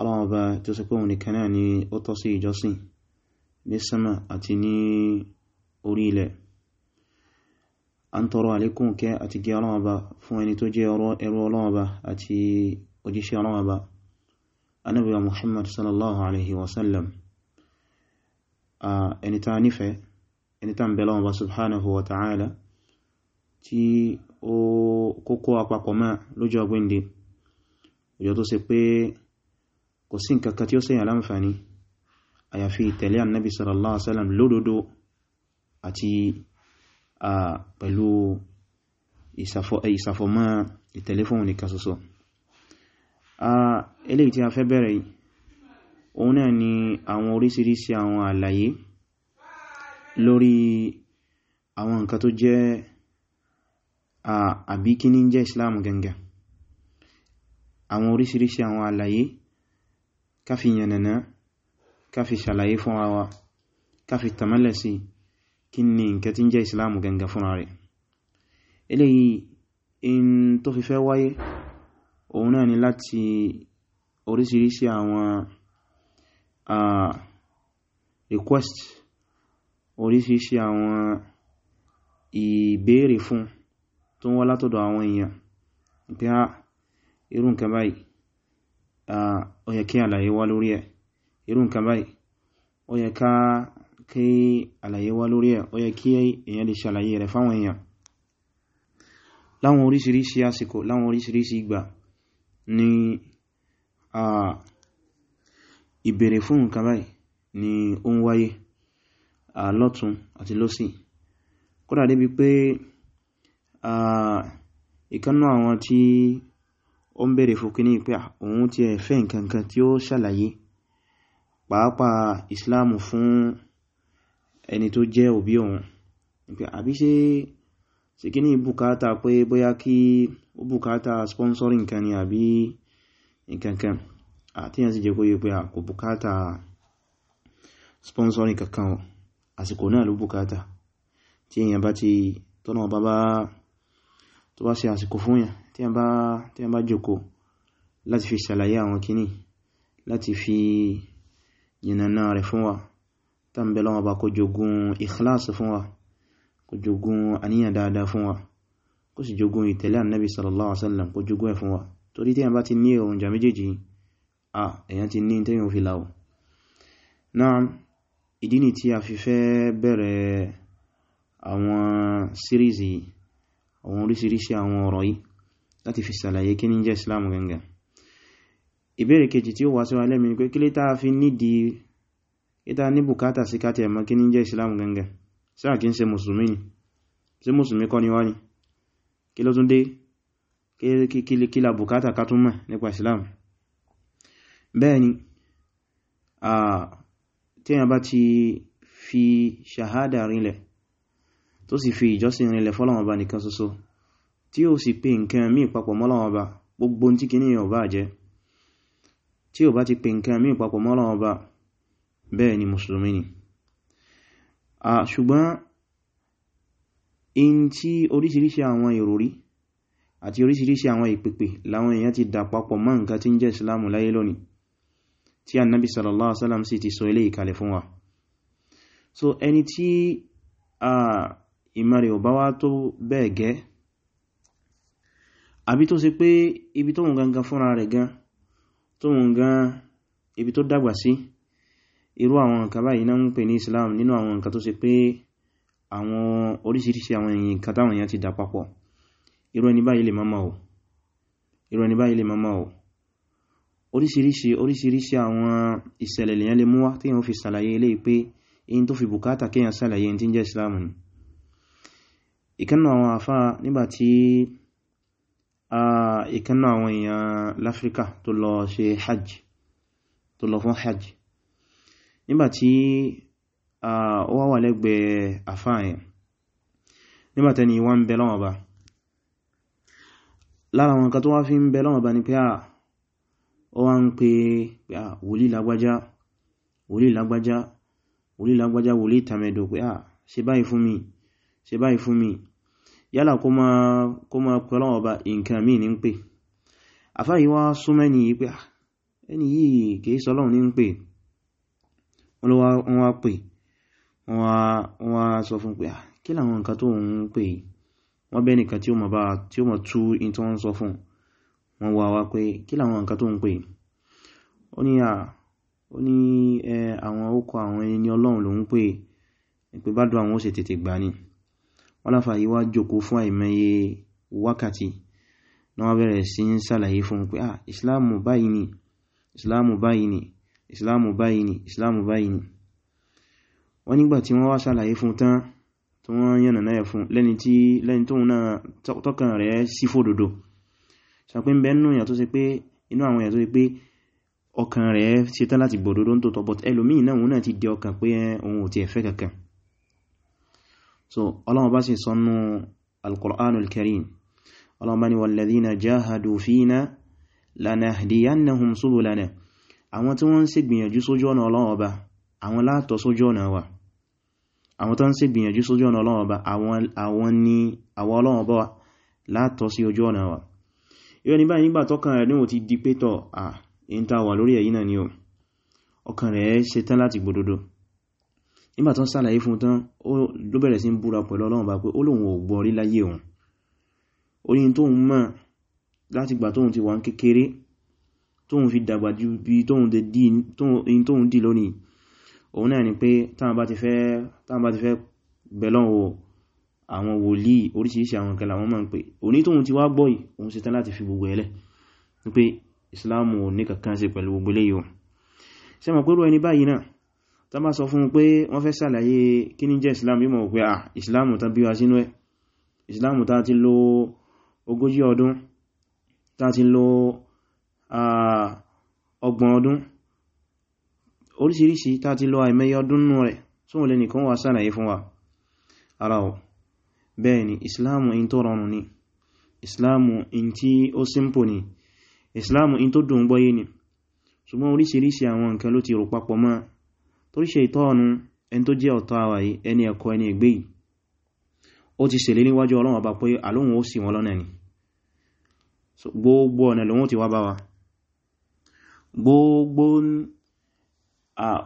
ọlọ́wọ́ bá tó sọ pé òun nìkan náà ni ó tọ́ sí ìjọsìn ní sánmà àti ní orí ilẹ̀ a ń tọrọ àlékún kẹ́ àti gẹ́ ọlọ́wọ́ bá fún ẹni tó jẹ́ ẹrú ọlọ́wọ́ bá àti òjíṣẹ́ ọlọ́wọ́ bá ànábì wa Muhammad sallallahu alaihi wasallam ẹni tá nífẹ̀ẹ́ ẹni tá ń bẹ tí ó kókó apapọ̀ máa lójú ọgbẹ́ndì òjò tó ṣe pé kò sí nǹkan tí ó ṣèyàn láǹfààní àyàfi ìtẹ̀lé annabi sallallahu alaihi wasallam lódodo àti pẹ̀lú ìsàfọ́mọ́ ìtẹ̀lé fún òní kasoso eléyìí tí a fẹ́ bẹ̀rẹ̀ yìí òun náà ni àwọn nǹkan tó jẹ́ àbí jẹ́ Islam gangan àwọn orísìírísìí àwọn àlàyé ká fi yànnàná ká fi ṣàlàyé fúnra wa ká fi tàmálẹ̀ sí kí ni nǹkan tí ń jẹ́ ìsìláàmù gangan fúnra rẹ̀ eléyìí in tó fi fẹ́ wáyé òun náà ni láti oríṣiríṣi àwọn request oríṣiríṣi àwọn ìbéèrè fún tó ń látọ̀dọ̀ àwọn èèyàn pé ah, irú nǹkan báyìí ó yẹ kí àlàyé wá lórí ẹ̀ irú nǹkan báyìí ó yẹ ká kí àlàyé wá lórí ẹ̀ ó yẹ kí èyàn lè ṣàlàyé rẹ̀ fáwọn èèyàn láwọn oríṣiríṣi àsìkò láwọn oríṣiríṣi ìgbà ni a ìbèrè fún nǹkan báyìí ni ó ń wáyé lọ́tún àti lọ́sì kódà débi pé ìkannú àwọn tí ó ń bèèrè fún kíní pé òun ti ẹ̀ fẹ́ nǹkankan tí ó ṣàlàyé pàápàá islam fún ẹni tó jẹ́ òbí òun pé àbí ṣe sí kíní bùkátà pé bóyá kí ó bùkátà sponsoring kan ni àbí nǹkankan àti yàn sí jẹ́ kóyé pé kò bùkátà sponsoring kankan àsìkò náà ló bùkátà tí èyàn bá ti tọ́nà bá bá tó bá ṣe àsìkò fún yàn tí a bá jòkó láti fi ṣàlàyé àwọn kìíní láti fi yìnàná rẹ̀ fún wa tàbílọ́wọ́ bá kó jogun ikhlasi fún wa kó jogun àníyàn dáadáa fún wa kó sì jogun ìtẹ̀lé annabi sallallahu alaihi wasallam kó jogun ẹ̀ fún a bá ti ní ohun jà méjèèjì à èyàn a fi fẹ́ àwọn síríìsì àwọn oríṣiríṣi àwọn ọ̀rọ̀ yìí láti fi sàlàyé kí ní jẹ́ islam gangan ìbéèrè kejì tí ó wá síwá lẹ́mìí pé kí lé tàà fi nídìí ìta ní bùkátà sí káàtì ẹ̀mọ́ kí ní jẹ́ islam gangan sáà kí ń ṣe mùsùlùmí ni ṣe mùsùlùmí kọ́ ni wá ni kí ló tún dé kí la bùkátà ká tún nípa islam bẹ́ẹ̀ tí a bá ti fi shahada rinlẹ̀ tó sì fi ìjọsìn rinlẹ̀ fọ́lọ́wọ́n bá nìkan ṣoṣo tí ó sì pe nǹkan mí papọ̀ mọ́lọ́wọ́ bá gbogbo tí kìíní ẹ̀ ọba jẹ́ tí ó bá ti pe nǹkan mí papọ̀ mọ́lọ́wọ́ bá bẹ́ẹ̀ ni mùsùlùmí ni a ṣùgbọ́n in tí oríṣiríṣi àwọn ìròrí àti oríṣiríṣi àwọn ìpèpè láwọn èèyàn ti dà papọ̀ mọ́ nǹkan tí ń jẹ́ ìsìlámù láyé lónìí tí annabi sallallahu alaihi wasallam sì ti sọ ilé ìkàlẹ̀ fún wa so ẹni tí a ìmọ̀ rẹ̀ ò bá wá tó bẹ́ẹ̀ gẹ́ àbí tó ṣe pé ibi tóhun gangan fúnra rẹ̀ gan tóhun gan ibi tó dàgbà sí irú àwọn nǹkan báyìí náà ń pè ní Islam nínú àwọn nǹkan tó ṣe pé àwọn oríṣiríṣi àwọn èyàn nǹkan táwọn èyàn ti dà papọ̀ irú ẹni báyìí lè mọ́mọ́ o irú ẹni báyìí lè mọ́mọ́ o oríṣiríṣi oríṣiríṣi àwọn ìṣẹ̀lẹ̀ lèyàn lè mú wá tí yàn fi ṣàlàyé ilé pé in tó fi bùkátà kéyàn ṣàlàyé in tí ń jẹ́ Islam ni ìkànnà àwọn àfáà nígbàtí Ah, ìkanná àwọn èèyàn láfíríkà tó lọ ṣe hajj tó lọ fún hajj nígbàtí ah, ó wà wà lẹ́gbẹ̀ẹ́ àfáàyàn nígbàtẹni wá ń bẹ lọ́wọ́ bá lára wọn kan tó wá fi ń bẹ lọ́wọ́ bá ní pé à ah, ó wá ń pè wòlí lágbájá wòlí lágbájá wòlí lágbájá pé à ṣe báyìí fún mi ṣe báyìí fún mi yálà kó ma pẹ̀lọ́ ọba nǹkan mí ní ń pè àfáyíwá súnmẹ́ni yìí pé ah, ẹni yìí kìí sọlọ́run ní ń pè wọ́n wá pè wọ́n wá sọ fún pé ah, kí làwọn nǹkan tó ń pè wọ́n bẹ́ nìkan tí ó mọ̀ bá tí ó mọ̀ tú in tó ń sọ fún wọ́n wá wá pé kí làwọn nǹkan tó ń pè ó ní ah, eh, àwọn ó àwọn ẹni ọlọ́run ló ń pè pé bá dùn àwọn ó ṣe tètè gbà ni wọ́n láfà yíwá jòkó fún àìmẹ́yẹ wákàtí na wọ́n bẹ̀rẹ̀ sí ń sàlàyé fún pé ah islamu báyìí ni islamu báyìí ni islamu báyìí ni islamu báyìí ni wọ́n nígbà tí wọ́n wá sàlàyé fún tán tí wọ́n yànnà náà fún lẹ́ni tí lẹ́ni tóun náà tọ́kàn rẹ̀ sí fòdòdó sàpé ń bẹ nínú èèyàn tó ṣe pé inú àwọn èèyàn tó ṣe pé ọkàn rẹ̀ ṣetán láti gbòdòdó ń tòótọ́ but ẹlòmíì náà náà ti di ọkàn pé òun ò tiẹ̀ fẹ́ kankan so ọlọ́wọ́ bá sì sọ́nú alkùránul karim ọlọ́wọ́ bá ni walladhina jahadu fina lanahdiyannahum subulana àwọn tí wọ́n ń ṣe gbìyànjú sójú ọ̀nà ọlọ́wọ́ bá àwọn látọ̀ sójú ọ̀nà wa ń ṣe gbìyànjú sójú ọ̀nà ọlọ́wọ́ bá àwọn látọ̀ sí ojú ọ̀nà wa ìwé ní báyìí nígbà tọ́kàn rẹ̀ níwò ti di pétọ̀ à ń lórí ẹ̀yìn náà ni ó ọkàn rẹ̀ ṣetán láti gbòdodo nígbà tó ń sàlàyé fún tán ló bẹ̀rẹ̀ sí ń búra pẹ̀lú ọlọ́run bá pé olóhun ò gbọ́ rí láyé òun orí tóhun mọ̀ láti gbà tóhun ti wà ń kékeré tóhun fi dàgbà ju bí tóhun dì lónìí òun náà ni pé táwọn bá ti fẹ́ bẹ̀lọ́n o àwọn wòlíì oríṣìíríṣìí àwọn kẹlà wọn máa ń pè òní tóhun ti wá gbọ́ yìí òun ṣetán láti fi gbogbo ẹlẹ́ wípé ìsìláàmù ò ní kankan ṣe pẹ̀lú gbogbo eléyìí o ṣe mọ̀ pẹ́rú ẹni báyìí náà tán bá sọ fún pé wọ́n fẹ́ sàlàyé kí ní islam yíò mọ̀ pé à ah, islam tán bí wa sínú ẹ̀ islam tá ti odun, ogójì ọdún tá ti lò ọgbọ̀n ọdún oríṣiríṣi tá ti lò àìmẹ́yẹ ọdún nù rẹ̀ sóhun lè nìkan wà sàlàyé fún wa ara ọ̀ bẹ́ẹ̀ ni islam in tó rọrùn ni islam in tí ó simple ni islam in tó dùn gbọ́yé ni ṣùgbọ́n oríṣiríṣi àwọn nǹkan ló ti rò papọ̀ mọ́ torí Ṣaitọ́nù ẹni tó jẹ́ ọ̀tá wa yìí ẹni ẹ̀kọ́ ẹni ẹgbẹ́ yìí ó ti ṣèlérí níwájú Ọlọ́run Ọba pé àlóhun ó ṣì wọ́n lọ́nà ni gbogbo ọ̀nà lòun ti wá bá wa gbogbo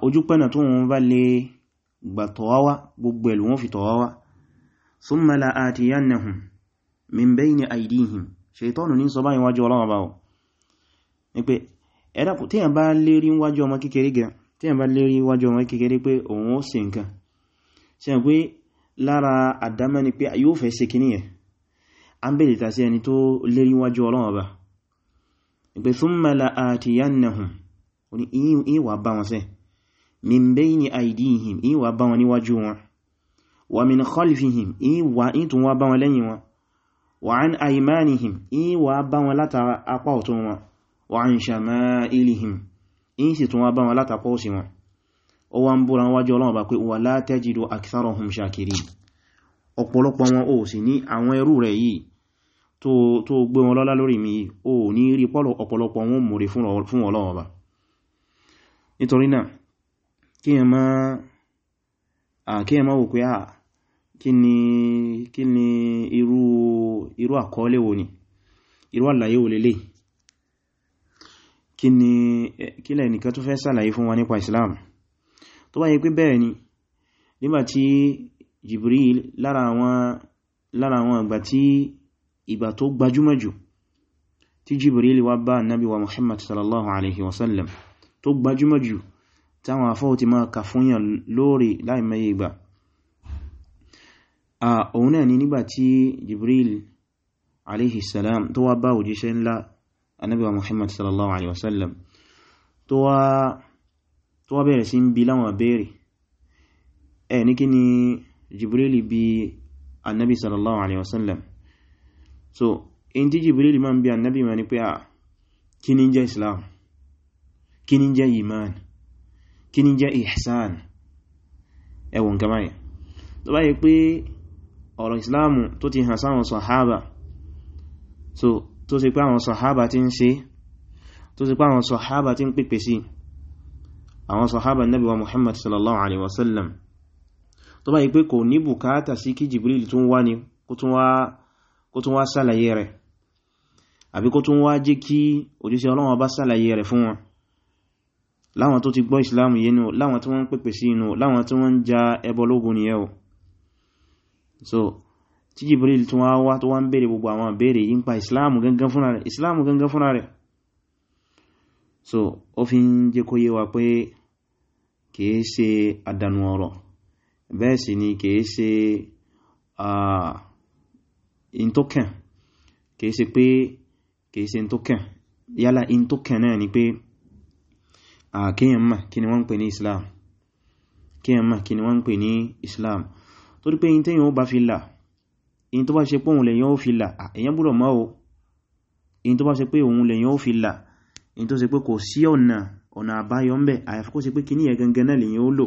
ojúpẹ́nà tó wọ́n bá lè gbà tọ̀wáwá gbogbo ẹ̀lú wọ́n fi tọ̀wáwá summa la atiyannahum min bayni aydihim Ṣaitọ́nù ní sọ báyìí wájú Ọlọ́run Ọba ni pé ẹ̀dàkù tí ẹ̀ bá lérí wájú ọmọ kékeré gẹ̀ẹ́ tí ẹ̀ bá lérí wájú ọmọ kékeré pé òun ó ṣe nǹkan ṣe ń pé lára àdámọ́ ni pé yóò fẹ́ ṣe kìíní ẹ̀ a ń bèèrè tàṣí ẹni tó lérí wájú ọlọ́run ọba ìpé thumma la'atiyannahum ní ìwà bá wọn sẹ́ wa wa an aymanihim ìwà in sì tún wá bá wọn látakọ́ òsì wọn ó wá ń búra wájú Ọlọ́run bá pé wala tajidu aktharahum shakirin ọ̀pọ̀lọpọ̀ wọn ò sì ní àwọn ẹrú rẹ̀ yìí tó gbé wọn lọ́lá lórí mi o ní rí pọ́lọ̀ ọ̀pọ̀lọpọ̀ wọn mòrè fún Ọlọ́run Ọba nítorí náà kí ẹ má wò pé à kí ni irú àkọọ́lẹ̀ wo Eh, kí ni kílẹ̀ nìkan tó fẹ́ sàlàyé fún wa nípa islam tó bá yẹ pé bẹ́ẹ̀ ni nígbàtí jibril lára àwọn ìgbà tí ìgbà tó gbajúmọ̀ jù tí jibril wá bá nabi wa muhammad sallallahu alaihi wasallam tó gbajúmọ̀ jù táwọn afọ́ ti máa kà fún yàn lórí láìmẹ́yẹ ìgbà jibril alaihi salam tó wá bá òjíṣẹ́ anábíwa muhammad sallallahu alaihi wasallam tó wá bẹ̀rẹ̀ sí ń bi láwọn béèrè ẹ̀ ní kí ni jibril bi annabi sallallahu alaihi wasallam so in ti jibril ma ń bi annabi ma ní pé a ah, kí ni jẹ́ islam kí ni jẹ́ iman kí ni jẹ́ ihsan ẹwọ̀n kamaye tó bá yẹ pé ọ̀rọ̀ islam tó ti hàn sáwọn sahaba so tó ṣe pé àwọn sàhábà tí ń ṣe tó ṣe pé àwọn sàhábà tí ń pèpè sí àwọn sàhábà nabi wa muhammad sallallahu alaihi wasallam tó bá yí pé kò ní bùkátà sí kí jibril tún wá ní kó tún wá sàlàyé rẹ̀ àbí kó tún wá jẹ́ kí òjíṣẹ́ ọlọ́wọ́ bá sàlàyé rẹ̀ fún wọn láwọn tó ti gbọ́ ìsìláàmù yẹnu láwọn tí wọ́n pèpè sí inú láwọn tí wọ́n ń ja ẹbọ lógun nìyẹn tí Jibril tún wá wá tó wá ń bèèrè gbogbo àwọn ìbéèrè yí ń pa islamu gangan fúnra rẹ̀ islamu gangan so ó fi ń jẹ́ kó yé wa pé kìí ṣe àdànù ọ̀rọ̀ bẹ́ẹ̀ sì ni kìí ṣe intókàn kìí ṣe pé kìí ṣe intókàn yálà intókàn náà ni pé kíyàn mà kí ni wọ́n ń pè ní islam kíyàn mà kí ni islam torí pé yí ó bá fi là in tó bá ṣe pé òun lèyàn ó fi là èyàn gbọ́dọ̀ mọ̀ o in tó bá ṣe pé òun lèyàn ó fi là in tó ṣe pé kò sí ọ̀nà ọ̀nà àbáyọ ń bẹ̀ àyàfi kó ṣe pé kíní yẹn gangan náà lèyàn ó lò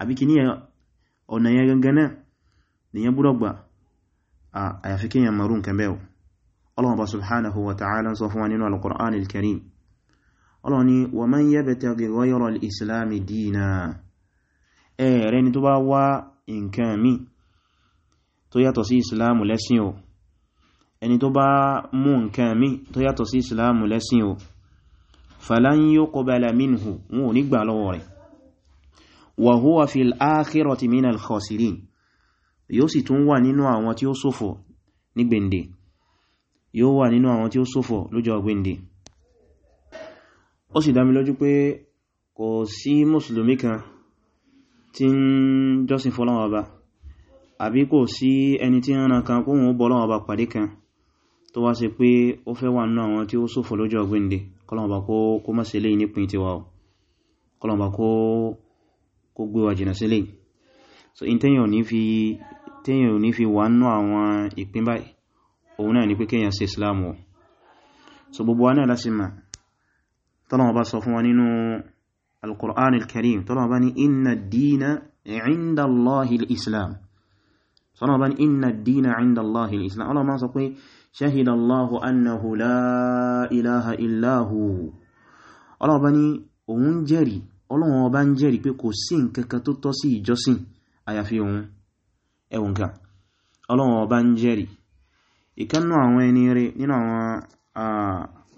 àbí kíní yẹn ọ̀nà yẹn gangan náà lèyàn gbọ́dọ̀ gbà àyàfi kíyàn mọ̀rú nǹkan bẹ́ẹ̀ o ọlọ́run bá subhanahu wa ta'ala sọ fún wa nínú al-Qur'an al-Karim ọlọ́run ni wa man yabtaghi ghayra al-islami dina ẹ̀ẹ̀rẹ́ni tó bá wá nǹkan míì tó yàtọ̀ sí ìsìláàmù lẹ́sìn o ẹni tó bá mú nǹkan mí tó yàtọ̀ sí ìsìláàmù lẹ́sìn o falan yuqbala minhu wọn ò ní gbà lọ́wọ́ rẹ̀ wa huwa fil akhirati minal khasirin yóò sì tún wà nínú àwọn tí ó ṣòfò ní ó sì dámi lójú pé kò sí mùsùlùmí kan tí ń jọ́sìn fọ́lọ́wọ́ bá àbí kò sí ẹni tí rán kan kóhun ó bọ́ lọ́wọ́ bá pàdé kan tó wá ṣe pé ó fẹ́ wà náà wọn tí ó sófò lójú ọgbìnde kọlọ̀mọ̀bá kó mọ́ sílé nípin ti wà kọlọ̀mọ̀bá kó gbé wa jìnà sílé so in tẹ́yàn ò ní fi wà nú àwọn ìpín báyìí ni pé kéèyàn ṣe so gbogbo wa náà lásì mà tọ́lọ̀mọ̀ wa nínú al-Qur'an al-Karim tọ́lọ̀mọ̀ bá ní inna ad-dīna al-Islām sọ́nà bá ní inna dínà inda Allahi al-Islam Allah ma sọ pé shahida Allahu annahu la ilaha illahu Allah bá ní òun jẹ́rìí Ọlọ́run ọba ń jẹ́rìí pé kò sí nǹkankan tó tọ́ sí ìjọsìn àyàfi òun ẹwùn kan Ọlọ́run ọba ń jẹ́rìí ìkánnú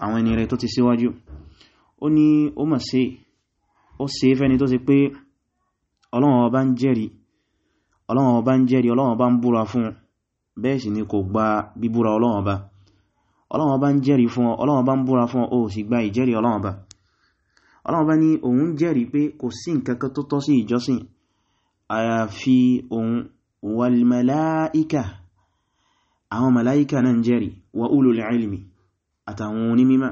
àwọn ẹni rẹ̀ tó ti síwájú ó ní ó mọ̀ sí ó sí fẹ́ni tó ti pé Ọlọ́run ọba ń jẹ́rìí ọlọ́wọ́n ọba ń jẹ́rìí ọlọ́wọ́n ọba ń búra fún bẹ́ẹ̀ sì ni kò gba bíbúra ọlọ́wọ́n ọba ọlọ́wọ́n ọba ń jẹ́rìí fún ọ ọlọ́wọ́n ọba ń búra fún ọ sì gba ìjẹ́rìí ọlọ́wọ́n ọba ọlọ́wọ́n ọba ní òun jẹ́rìí pé kò sí nǹkan kan tó tọ́ sí ìjọsìn àyàfi òun wàlmàláíkà àwọn màláíkà náà ń jẹ́rìí wa ulul ilmi àtàwọn onímímà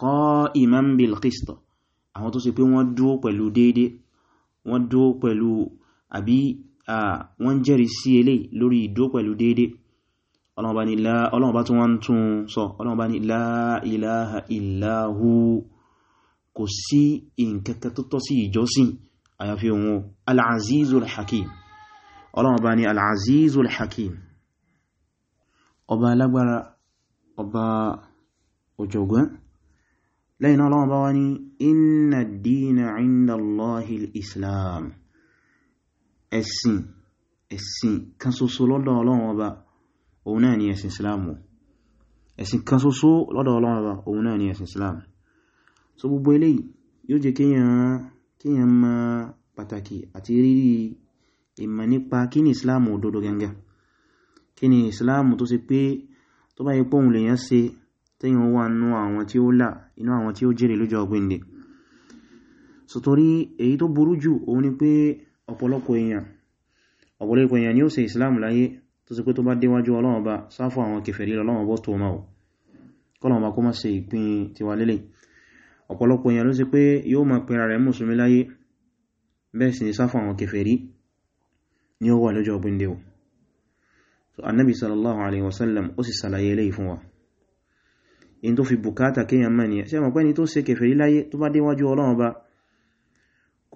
qa'iman bil qist àwọn tó sì pé wọ́n dúó pẹ̀lú déédé wọ́n dúó pẹ̀lú àbí wọ́n jẹ́rìí sí eléyìí lórí ìdó pẹ̀lú déédéé ọlọ́ọ̀bá ni ọlọ́ọ̀bá tí wọ́n tún sọ ọlọ́ọ̀bá ni la ilaha illa hu kò sí ìǹkẹ́kẹ́ tó tọ́ sí ìjọsìn àyàfi òun al-azizul hakim ọlọ́ọ̀bá ni al hakim ọba alágbára ọba ọ̀jọ̀gbọ́n lẹ́yìn ọlọ́ọ̀bá wá inna dina 'inda Allahil Islam ẹ̀sìn ẹ̀sìn kan ṣoṣo lọ́dọ̀ ọlọ́run ọba òun náà ni ẹ̀sìn islamu ẹ̀sìn kan ṣoṣo lọ́dọ̀ ọlọ́run ọba òun náà ni ẹ̀sìn islamu so gbogbo eléyìí yóò jẹ́ kíyàn mọ̀ pàtàkì àti rírí ìmọ̀ nípa kí ni islamu òdodo gangan kí ni islamu tó ṣe pé tó bá yẹ pọ́hùn lèyàn ṣe tẹ́yìn wà nú àwọn tí ó là inú àwọn tí ó jèrè lójọ́ ọgbìn ni èyí tó burú jù òun ni pé ọ̀pọ̀lọpọ̀ èèyàn ọ̀pọ̀lọpọ̀ èèyàn ni ó ṣe islam láyé tó sì pé tó bá déwájú ọlọ́wọ́ bá sáfọ́ àwọn kèfèrí ọlọ́wọ́ bọ́ tó máa kọ́lọ̀ ma kó má ṣe ìpín tiwa lélẹ̀ ọ̀pọ̀lọpọ̀ èèyàn ló sì pé yóò máa pera rẹ̀ mùsùlùmí láyé bẹ́ẹ̀ sì ni sáfọ́ àwọn kèfèrí ni ó wà lọ́jọ́ ọgbìndẹ̀ o so annabi sallallahu alaihi wasallam ó sì ṣàlàyé eléyìí fún wa in tó fi bùkátà kéèyàn mẹ́ni ṣe mọ̀ pẹ́ni tó ṣe kèfèrí láyé tó bá déwájú ọlọ́wọ́ bá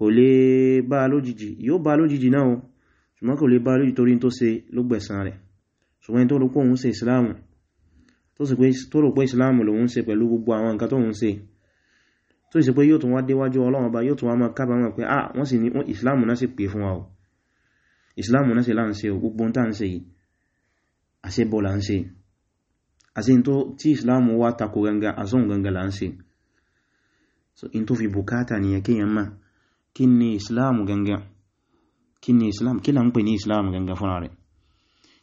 kò lè bá lójijì yóò bá lójijì náà o ṣùgbọ́n kò lè bá lójijì torí tó ṣe ló gbẹ̀san rẹ̀ ṣùgbọ́n tó rò pé òun ṣe ìsìláàmù tó rò pé ìsìláàmù lòun ṣe pẹ̀lú gbogbo àwọn nǹkan tó ń ṣe tó ṣe pé yóò tún wá déwájú Ọlọ́run yóò tún wá máa ah wọ́n sì ní ìsìláàmù náà sì pè fún wa o ìsìláàmù náà sì là ń ṣe o gbogbo ohun so in tó fi bùkátà nìyẹn kí ni islam gangan kí ni islam kí la ń pè ní islam gangan fúnra rẹ̀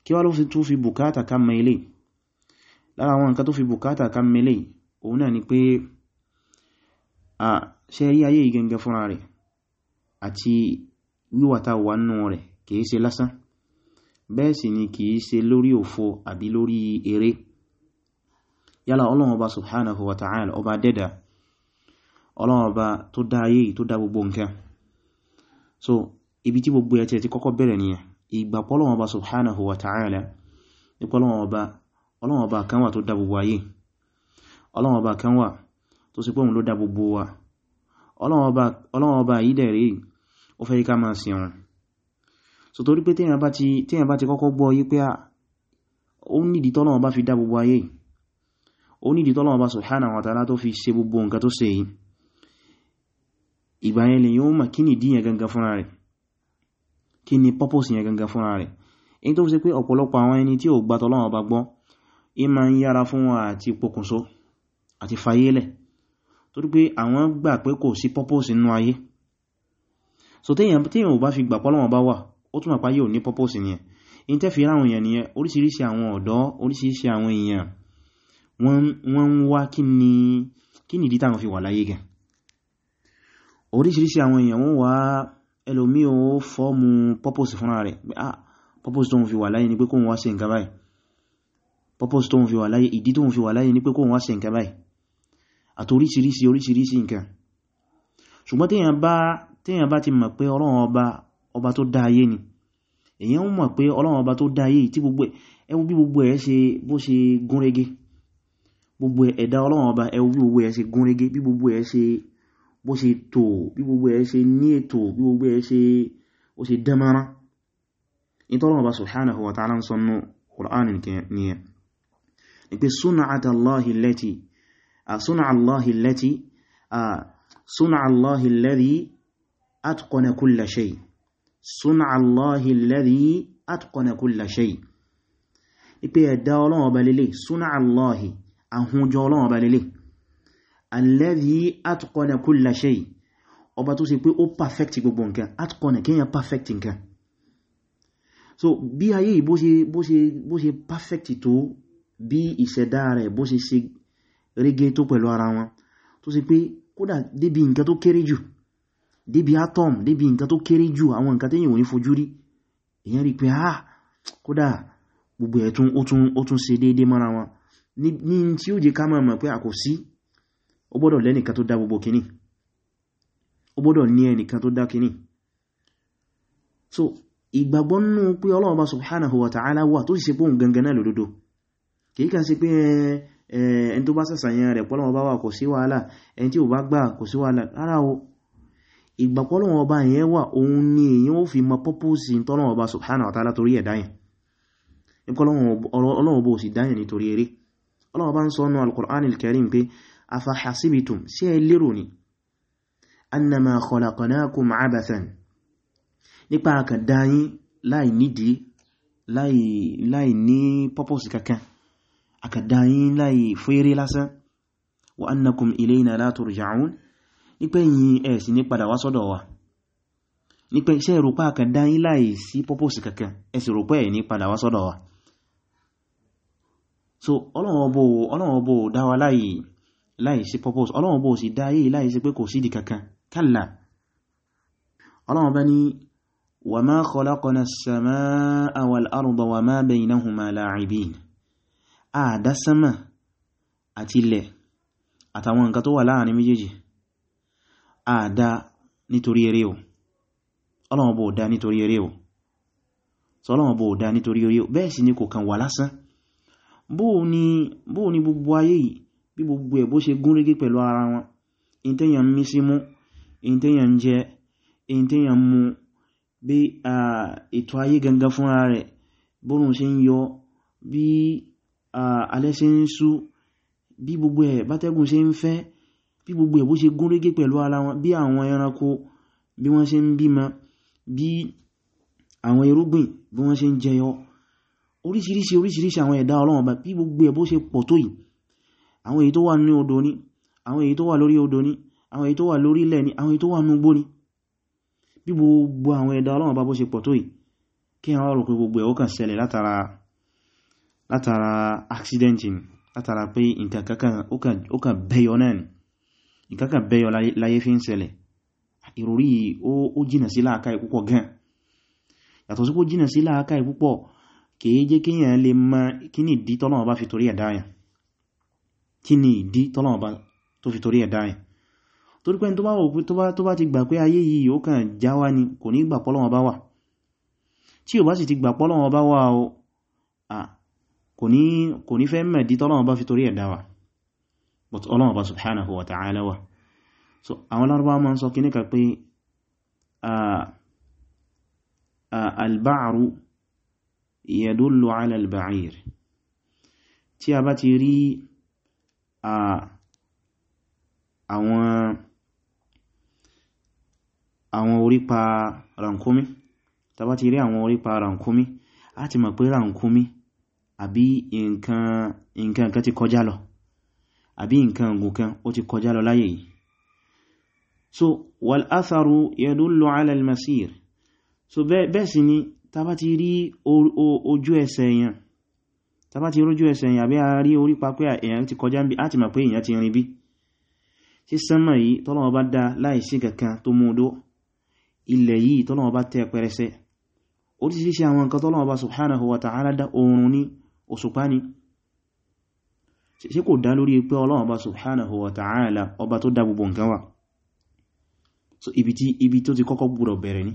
kí wá ló fi tún fi bùkátà ká mọ ilé lára àwọn nǹkan tó fi bùkátà ká mọ ilé òun náà ni pé a ṣe rí ayé gangan fúnra rẹ̀ àti wíwàta wà nù rẹ̀ kìí ṣe lásán bẹ́ẹ̀ sì ni kìí ṣe lórí òfo àbí lórí eré yálà ọlọ́run ọba subhanahu wa ta'ala ọba dẹ́dàá ọlọ́run ọba tó dá ayé yìí tó dá gbogbo nǹkan so ibi tí gbogbo ẹ̀tẹ̀ ti kọ́kọ́ bẹ̀rẹ̀ nìyẹn ìgbàpọ̀ ọlọ́run ọba subhanahu wa ta'ala nípa ọlọ́run ọba ọlọ́run ọba kan wà tó dá gbogbo ayé ọlọ́run ọba kan wà tó sì pé òun ló dá gbogbo wa ọlọ́run ọba yìí dẹ̀ rí ó fẹ́ ká máa sìn òun so torí pé téèyàn bá ti téèyàn bá ti kọ́kọ́ gbọ́ yí pé ó nídìí tọ́lọ́run ọba fi dá gbogbo subhanahu wa ta'ala tó fi ṣe gbogbo nǹkan tó ìgbà yẹn lè yíò mọ̀ kí ni díyàn gangan fúnra rẹ̀ kí ni purpose yẹn gangan fúnra rẹ̀ in tó fi ṣe pé ọ̀pọ̀lọpọ̀ àwọn ẹni tí ò gbà tọ́lọ́wọ́ bá gbọ́ in ma ń yára fún wọn àti pokùnso àti fayélẹ̀ torí pé àwọn gbà pé kò sí purpose nínú ayé so téèyàn téèyàn ò bá fi gbà pọ́lọ́wọ́ bá wà ó tún àpá yóò ní purpose nìyẹn in tẹ́ fi ráwọn èèyàn nìyẹn oríṣiríṣi àwọn ọ̀dọ́ oríṣiríṣi àwọn èèyàn wọ́n ń wá kí ni ìdí táwọn fi wà láyé gan oríṣiríṣi àwọn èèyàn wọ́n wá ẹlòmí o fọ́ọ̀mù purpose fúnra rẹ̀ ah purpose tó ń fi wà láyé ni pé kóhun wá ṣe nǹkan báyìí purpose tó ń fi wà láyé ìdí tó fi wà láyé ni pé kóhun wá ṣe nǹkan báyìí àti oríṣiríṣi oríṣiríṣi nǹkan ṣùgbọ́n téèyàn bá téèyàn bá ti mọ̀ pé ọlọ́run ọba ọba tó dá ayé ni èèyàn ń mọ̀ pé ọlọ́run ọba tó dá ayé tí gbogbo ẹwú bí gbogbo ẹ̀ ṣe bó ṣe gúnrégé gbogbo ẹ̀dá ọlọ́run ọba ẹwú bí gbogbo ẹ̀ ṣe gúnrégé bí gbogbo ẹ̀ ṣe bó ṣe tó bí gbogbo ẹ̀ ṣe ní ètò bí gbogbo ẹ̀ ṣe ó ṣe dẹ́mọ́rán ìtọ́lọ́wọ́ bá subhanahu wa ta'ala ń sọ nú Qur'an ni ẹ̀ ni pé sun'ata Allahi allati sun'a Allahi allati sun'a Allahi alladhi atqana kulla shay sun'a Allahi alladhi alladhi atqana kulla shay ọba tó ṣe pé ó perfect gbogbo nǹkan atqana kíyàn perfect nǹkan so bí ayé yìí bó ṣe bó ṣe bó ṣe perfect tó bí ìṣẹ̀dá rẹ̀ bó ṣe ṣe rege tó pẹ̀lú ara wọn tó ṣe pé kódà débi nǹkan tó kéré jù débi atom débi nǹkan tó kéré jù àwọn nǹkan tẹ́yìn òní fojú rí èyàn rí pé ah kódà gbogbo ẹ̀tún ó tún ṣe déédé mọ́ra wọn ní tí ó jẹ ká mọ̀ pé àkòsí ó gbọ́dọ̀ lẹ́nìkan tó dá gbogbo kìíní ó gbọ́dọ̀ ní ẹnìkan tó dá kìíní so ìgbàgbọ́ nínú pé Ọlọ́run subhanahu wa ta'ala wà tó sì ṣe pòun gangan náà lòdòdó kìí kan sí pé ẹni tó bá sàṣàyàn rẹ̀ pọ́lọ́wọ́ bá wà kò sí o ìgbàpọ́lọ́wọ́ ọba yẹn wà òun ni èyàn ó fi mọ ta'ala torí ẹ̀dá yẹn ọlọ́wọ́ bó sì dáyẹ̀ nítorí eré ọlọ́wọ́ bá ń sọ nù al afahasibitum sí ẹ lérò ni annama khalaqnakum abathan nípa àkàdá yín láì nídìí láì ní pọ́pọ̀sì kankan àkàdá yín láì fẹ́rẹ́ lásán wa annakum ilayna la turja'un nípẹ́ yìí ẹ̀ sì ní padà wá sọ́dọ̀ wa nípẹ́ iṣẹ́ ìrọ̀pá àkàdá yín láì sí pọ́pọ̀sì kankan ẹ̀ sì rọ̀pẹ́ ẹ̀ ní padà wá sọ́dọ̀ wa so ọlọ́wọ́ dáwà láì láìsí purpose ọlọ́run bó sì dá ayé láìsí pé kò sídìí kankan kálà ọlọ́run bá ní wa ma khalaqna as-samaa wal arda wa ma baynahuma la'ibin àdá sánmà àti ilẹ̀ àtàwọn nǹkan tó wà láàrin méjèèjì àdá nítorí eré o ọlọ́run bó dá nítorí eré o sọ́lọ́run bó bẹ́ẹ̀ sì ni kò kàn wà lásán bóò ni gbogbo ayé yìí bí gbogbo ẹ̀ bó ṣe gúnrégé pẹ̀lú ara wọn in tẹ́yàn mí sí mú in tẹ́yàn jẹ in tẹ́yàn mú bí a ètò ayé gangan fúnra rẹ̀ bóòrùn ṣe ń yọ bí alẹ́ ṣe ń sú bí gbogbo ẹ̀ bátẹ́gùn ṣe ń fẹ́ bí gbogbo ẹ̀ bó ṣe gúnrégé pẹ̀lú ara wọn bí àwọn ẹranko bí wọ́n ṣe ń bímọ bí àwọn irúgbìn bí wọ́n ṣe ń jẹyọ oríṣiríṣi oríṣiríṣi àwọn ẹ̀dá Ọlọ́run bá bí gbogbo ẹ̀ bó ṣe pọ̀ tó yìí àwọn èyí tó wà ní odò ní àwọn èyí tó wà lórí odò ní àwọn èyí tó wà lórí ilẹ̀ ní àwọn èyí tó wà ní ugbó ní bí gbogbo àwọn ẹ̀dá Ọlọ́run bá bó ṣe pọ̀ tó yìí kí àwọn ọ̀rọ̀ pé gbogbo ẹ̀ ó kàn ṣẹlẹ̀ látara látara accident ni látara pé nǹkan kankan ó kàn bẹ́yọ náà ni nǹkan bẹ́yọ láyé fi ń ṣẹlẹ̀ ìròrí ó jìnà sí láàká ìpúpọ̀ gan yàtọ̀ sí pé jìnà sí láàká ìpúpọ̀ kìí jẹ́ kíyàn lè mọ kíni ìdí tọ́lọ́run bá fi torí ẹ̀dá yàn kí ni ìdí tọ́lọ̀ọ̀bá tó fi torí ẹ̀dá ẹ̀ torí pé tó bá wò pé tó bá ti gbà pé ayé yìí ó kàn já wá ni kò ní gbà pọ́lọ̀wọ̀n bá wà tí ò bá sì ti gbà pọ́lọ̀wọ̀n bá wà o kò ní fẹ́ mẹ̀dí tọ́lọ̀wọ̀n bá fi torí ẹ̀dá wa but ọlọ́wọ̀n bá subhanahu wa ta'ala wa so àwọn lárúbá ma ń sọ kí níka pé alba'ru yadullu ala al tí a bá ti rí àwọn orípa ràkúnmí tá bá ti rí àwọn orípa ràkúnmí a ti mọ̀ pé ràkúnmí àbí nǹkan kan ti kọjá lọ àbí nǹkan gùn kan ó ti kọjá lọ láyé yìí so wal atharu yadullu ala al masir so bẹ́ẹ̀ sì ni tá ti rí ojú ẹsẹ̀ èèyàn tàbá ti rójú ẹsẹ̀ èyàn àbí a rí orí pa pé èyàn ti kọjá bí àti mọ̀ pé èyàn ti rìn bí sí sánmà yìí tọ́lọ́wọ́ bá dá láìsí kankan tó mú odó ilẹ̀ yìí tọ́lọ́wọ́ bá tẹ́ pẹrẹsẹ oríṣiríṣi àwọn nǹkan tọ́lọ́wọ́ bá subhanahu ni ṣe kò dá lórí pé Ọlọ́run bá subhanahu wa ta'ala ọba tó so ibi tó ti kọ́kọ́ gbúrọ̀ bẹ̀rẹ̀ ni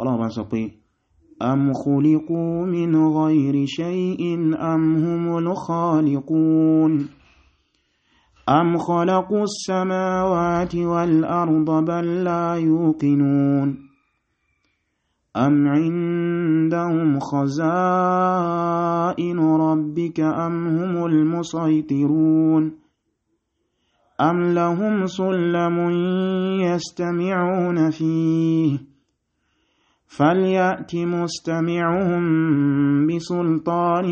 ọlọ́run bá sọ pé am khuliqu min ghayri shay'in am humul khaliqun am khalaqu samawati wal arda bal la yuqinun am indahum khaza'inu rabbika am humul musaytirun am lahum sulamun yastami'una fihi فليات مستمعهم بسلطان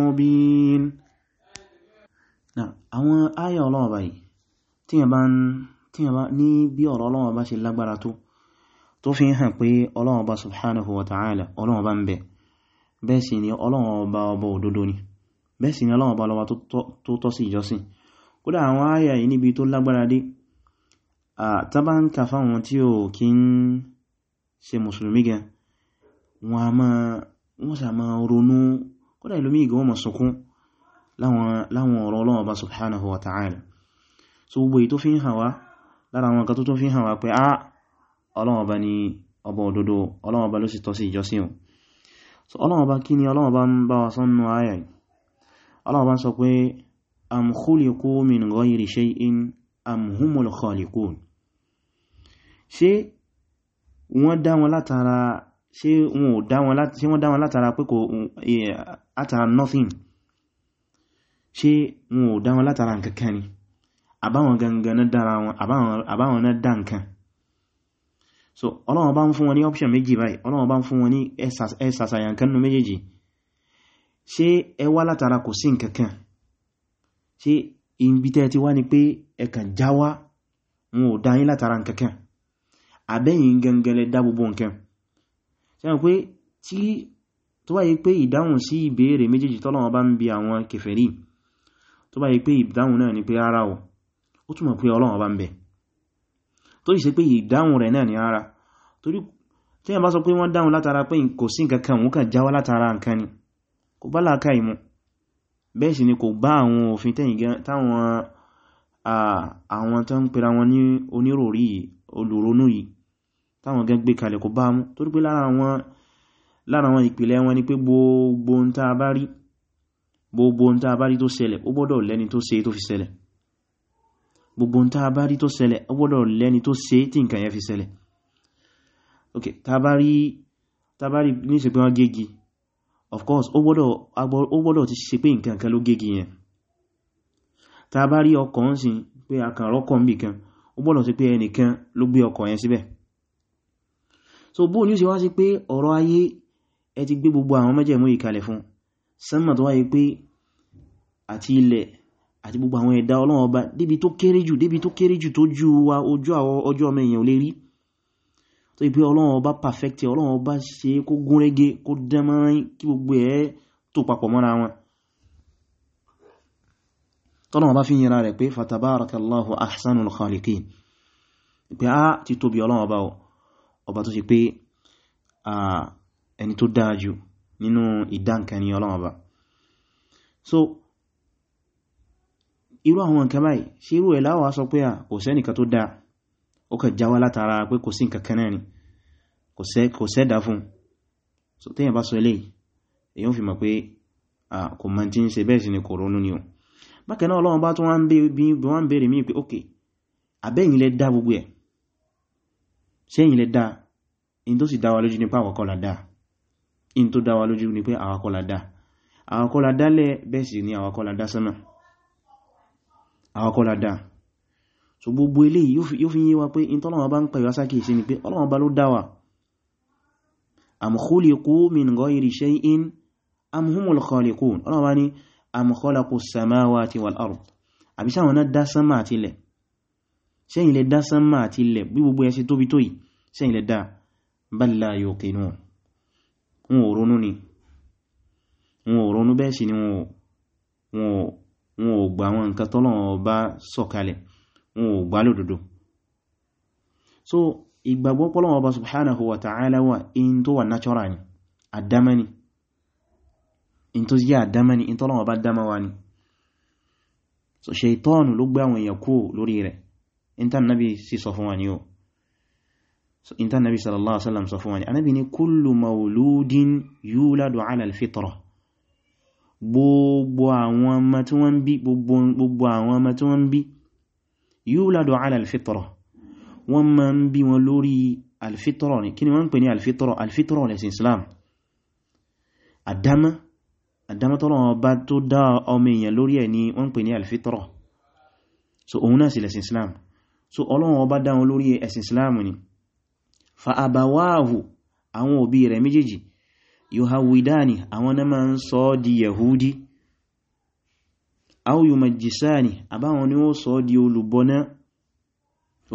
مبين àwọn ayà ọlọ́ọ̀bá yìí tí yẹn bá ní bí ọ̀rọ̀ ọlọ́ọ̀bá ṣe lágbára tó tó fi ń pé subhanahu wa ta'ala ọlọ́ọ̀bá bẹ bẹ́ẹ̀ sì ni ọba òdodo ni bẹ́ẹ̀ si ni ọlọ́ọ̀bá ṣe mùsùlùmí gan wọ́n a máa wọ́n sà máa ronú kódà ìlúmí ìgbà wọ́n máa sọkún láwọn ọ̀rọ̀ Ọlọ́run Ọba subhanahu wa ta'ala so gbogbo èyí tó fi ń hàn wá lára àwọn nǹkan tó tún fi ń hàn wá pé á Ọlọ́run Ọba ni ọba òdodo Ọlọ́run Ọba ló sì tọ́ sí ìjọsìn so wọ́n dá wọn látara ṣé wọ́n dá wọn látara pé kò látara nothing ṣé wọ́n ò dá wọn látara nkankan ni àbáwọn gangan na dára wọn àbáwọn na dá nkan so Ọlọ́run bá ń fún wọn ní option méjì báyìí Ọlọ́run bá ń fún wọn ní ẹsàsàyàn kanú méjèèjì ṣé ẹ wá látara kò sí nkankan ṣé ibi tẹ́ ti wá ni pé ẹ̀kàn jáwá wọn ò dá yín látara nkankan àbẹ́yìn gẹngẹlẹ dá gbogbo nǹkan sẹ́yìn pé tí tó bá yí pé ìdáhùn sí ìbéèrè méjèèjì tọ́lọ́wọ́ bá ń bi àwọn kèfèrí tó bá pé ìdáhùn náà ni pé ara ọ̀ ó túnmọ̀ pé Ọlọ́run bá ń bẹ tó sì ṣe pé ìdáhùn rẹ̀ náà ni ara torí tí yẹn bá sọ pé wọ́n dáhùn látara pé kò sí nǹkan kan òun kàn jáwá látara nǹkan ni kò bá láàká ìmú bẹ́ẹ̀ sì ni kò bá àwọn òfin tẹ́yìn táwọn àwọn tó ń pera wọn ní oníròrí olùronú yìí táwọn gan gbé kalẹ̀ kò bá mú torí pé lára wọn ìpìlẹ̀ wọn ni pé gbogbo ń tá bá rí gbogbo ń tá bá rí tó ṣẹlẹ̀ ó gbọ́dọ̀ lẹ́ni tó ṣe tó fi ṣẹlẹ̀ gbogbo ń tá bá rí tó ṣẹlẹ̀ ó gbọ́dọ̀ lẹ́ni tó ṣe tí nǹkan yẹn fi ṣẹlẹ̀ ok bá rí ní ṣe pé wọ́n of course ó gbọ́dọ̀ ti ṣe pé nǹkan kan ló gégi yẹn tá bá rí ọkọ̀ ń sin pé akànrọ́kọ̀ ń bì kan ó gbọ́dọ̀ ti pé ẹnìkan ló gbé ọkọ̀ yẹn síbẹ̀ so bó ní ó sì wá sí pé ọ̀rọ̀ ayé ẹ ti gbé gbogbo àwọn mẹ́jẹ̀mú ìkalẹ̀ fún sánmà tó wáyé pé àti ilẹ̀ àti gbogbo àwọn ẹ̀dá Ọlọ́run ọba débi tó kéré jù débi tó kéré jù tó ju wa ojú àwọn ọjọ́ ọmọ èèyàn lè rí tó yí pé Ọlọ́run ọba perfect Ọlọ́run ọba ṣe kó gúnrégé kó dánmọ́rin kí gbogbo ẹ̀ tó papọ̀ mọ́ra wọn tọ́lọ́wọ́ bá fi yẹra rẹ̀ pé fatabarakallahu ahsanul khaliqin pé á ti tóbi Ọlọ́run ọba ọba tó ṣe pé ẹni tó dáa nínú ìdáǹkan ni ọlọ́run so irú àwọn nǹkan báyìí ṣe irú ẹ̀ láwọ́ sọ pé à kò sẹ́nìkan tó dáa ó kàn jáwá látara pé kò sí nǹkan kanáà ni kò sẹ́dá fún so téèyàn bá sọ eléyìí èyàn fi mọ̀ pé kò mọ̀ tí ń ṣe bẹ́ẹ̀ sí ni kò ronú ni o bákan náà ọlọ́run bá tún wá ń bèèrè mí pé ok àbẹ́yìn lẹ dá gbogbo ẹ̀ sẹ́yìn lẹ dáa in tó sì dáwà lójú ní pé àwọ̀kọ́lá dáa in tó dáwà lójú ní pé àwọ̀kọ́lá dáa àwọ̀kọ́lá dálẹ̀ bẹ́ẹ̀ sì ni àwọ̀kọ́lá dá sánà àwọ̀kọ́lá dáa so gbogbo eléyìí yóò fi yé pé in tọ́lọ́wọ́ bá ń pẹ̀lú asákìsí ni pé Ọlọ́run bá ló dáwà sẹ́yìn lẹ dá sánmà àti ilẹ̀ bí gbogbo ẹ ṣe tóbi tó yìí sẹ́yìn lẹ dá bal la yuqinun wọn ò ronú ni wọn ò ronú bẹ́ẹ̀ sì ni wọn ò gbà àwọn nǹkan t'Ọlọ́run bá sọ̀kalẹ̀ wọn ò gbà lódodo so ìgbàgbọ́ p'Ọlọ́run bá subhanahu wa ló gbé àwọn èèyàn kúrò lórí rẹ̀ intannabi sí sọ fún wa ní o intannabi sallallahu alaihi wasallam sọ fún wa ní anábi ní kullu mauludin yuladu ala alfitra gbogbo àwọn ọmọ tí wọ́n bí gbogbo àwọn ọmọ tí wọ́n bí yuladu ala alfitra wọ́n ma ń bí wọn lórí alfitra ni kí ni wọ́n ń pè ní alfitra alfitra lẹ́sìn islam adama adama tọ́lọ̀ ọba tó dá ọmọ èèyàn lórí ẹ̀ ni wọ́n ń pè alfitra so òun náà sì lẹ́sìn islam so ọlọ́run ọba dáwọn lórí ẹ̀sìn islamu ni fa àbáwáàhù àwọn òbí rẹ̀ méjèèjì yuhawidani àwọn náà máa ń sọ di yahudi au yumajjisani àbáwọn ni ó sọ di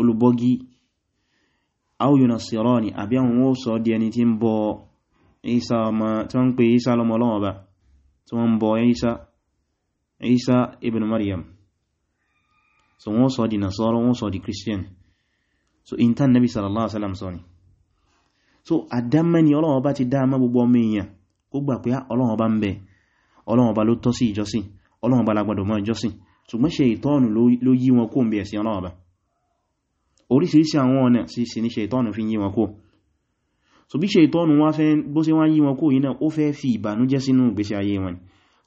olùbọ́gí au yunasirani àbí àwọn ó sọ di ẹni tí ń bọ isa ibn maryam so wọ́n sọ di nasọ́rọ̀ wọ́n sọ di christian so in tan nabi sallallahu alaihi wasallam sọ ni so àdámẹ́ ni Ọlọ́run Ọba ti dáama gbogbo ọmọ èèyàn kó gbà pé ah, Ọlọ́run Ọba ń bẹ Ọlọ́run Ọba to tọ́ sí ìjọsìn Ọlọ́run Ọba la gbọ́dọ̀ mọ́ ìjọsìn ṣùgbọ́n ṣe ìtọ́nù ló yí wọn kó ń bí ẹ̀sìn Ọlọ́run Ọba oríṣiríṣi àwọn ọ̀nà sí ní ṣe ìtọ́nù fi yí wọn kó so bí ṣe ìtọ́nù wá fẹ́ bó ṣe wá yí wọn kó yìí náà ó fẹ́ fi ìbànújẹ́ sínú ìgbésí ayé wọn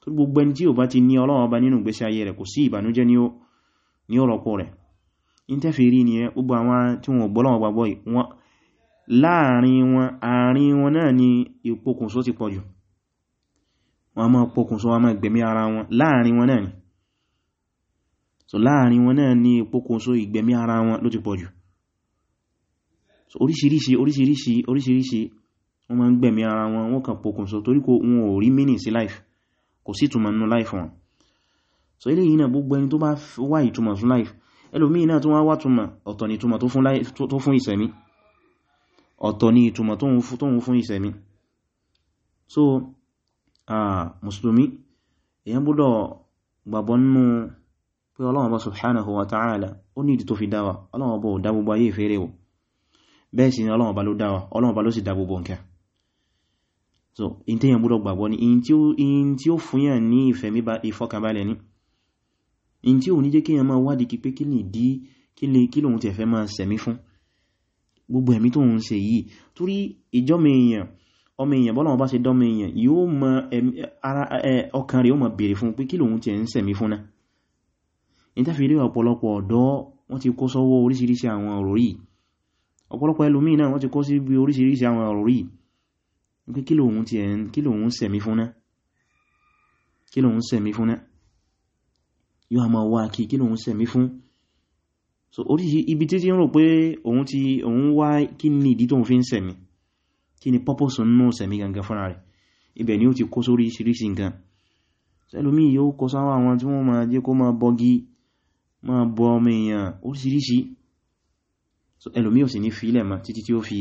tó gbogbo ẹni tí ò bá ti ní Ọlọ́run Ọba nínú ìgbésí ayé rẹ̀ kò sí ìbànújẹ́ ni ó ní ọ̀rọ̀pọ̀ rẹ̀ in ni ẹ gbogbo àwọn tí wọ́n gbọ́lọ́wọ́ gbogbo wọn láàrin wọn àárín wọn náà ni ìpokùnso ti pọ̀jù wọ́n máa pokùnso wọ́n máa gbẹ̀mí ara wọn láàrin wọn náà ni so láàrin wọn náà ni ìpokùnso ìgbẹ̀mí ara wọn ló ti pọ̀jù so oríṣiríṣi oríṣiríṣi oríṣiríṣi wọ́n máa ń gbẹ̀mí ara wọn wọ́n kàn pokùnso torí kò wọn ò rí meaning sí life kò sí túnmọ̀ nínú life wọn so eléyìí náà gbogbo ẹni tó bá wá ìtumọ̀ fún life ẹlòmíì náà tó wá wá túmọ̀ ọ̀tọ̀ ni ìtumọ̀ tó fún ìsẹ̀mí ọ̀tọ̀ ni ìtumọ̀ tó ń fún ìsẹ̀mí so mùsùlùmí èyàn gbọ́dọ̀ gbàgbọ́ nínú pé Ọlọ́run subhanahu wa ta'ala ó ní ìdí tó fi dáwà Ọlọ́run bá dá gbogbo ayé ìfẹ́rẹ́ o bẹ́ẹ̀ sì ni Ọlọ́run so in tí èyàn gbọ́dọ̀ gbàgbọ́ ni in tí ó fúnyàn ní ni in tí ò ní jẹ́ kíyàn máa wádìí pé kí ni ìdí kí lòun tẹ̀fẹ́ máa sẹ̀mí fún gbogbo ẹ̀mí tó ń ṣe yìí torí ìjọ́mọ̀ èèyàn ọmọ èèyàn bọ́lá wọn bá ṣe dọ́mọ èèyàn yóò mọ ọkàn rẹ̀ yóò mọ béèrè fún pé kí lòun tẹ̀ ń sẹ̀mí fún náà ní tàfi rí ọ̀pọ̀lọpọ̀ ọ̀dọ́ wọ́n ti kó sọ́wọ́ oríṣiríṣi àwọn ọ̀rọ̀ yìí ọ̀pọ̀lọpọ̀ ẹlòmíì náà wọ́n ti kó sí bí oríṣiríṣi àwọn ọ̀rọ̀ yìí pé kí lòun sẹ̀mí fún náà yóò máa wá kí kí lòun sẹ̀mí fún so oríṣi ibi tí tí ń rò pé òun ti òun wá kí ni ìdí tóun fi ń sẹ̀mí kí ni purpose nínú sẹ̀mí gangan fúnra rẹ̀ ibẹ̀ ni ó ti kó sórí ìṣiríṣi nǹkan sẹ́lómí yóò kó sáwọn àwọn tí wọ́n máa jẹ́ kó máa bọ́gí máa bọ ọmọ èèyàn oríṣiríṣi so ẹlòmí ò sì ní fílẹ̀ mọ́ títí tí ó fi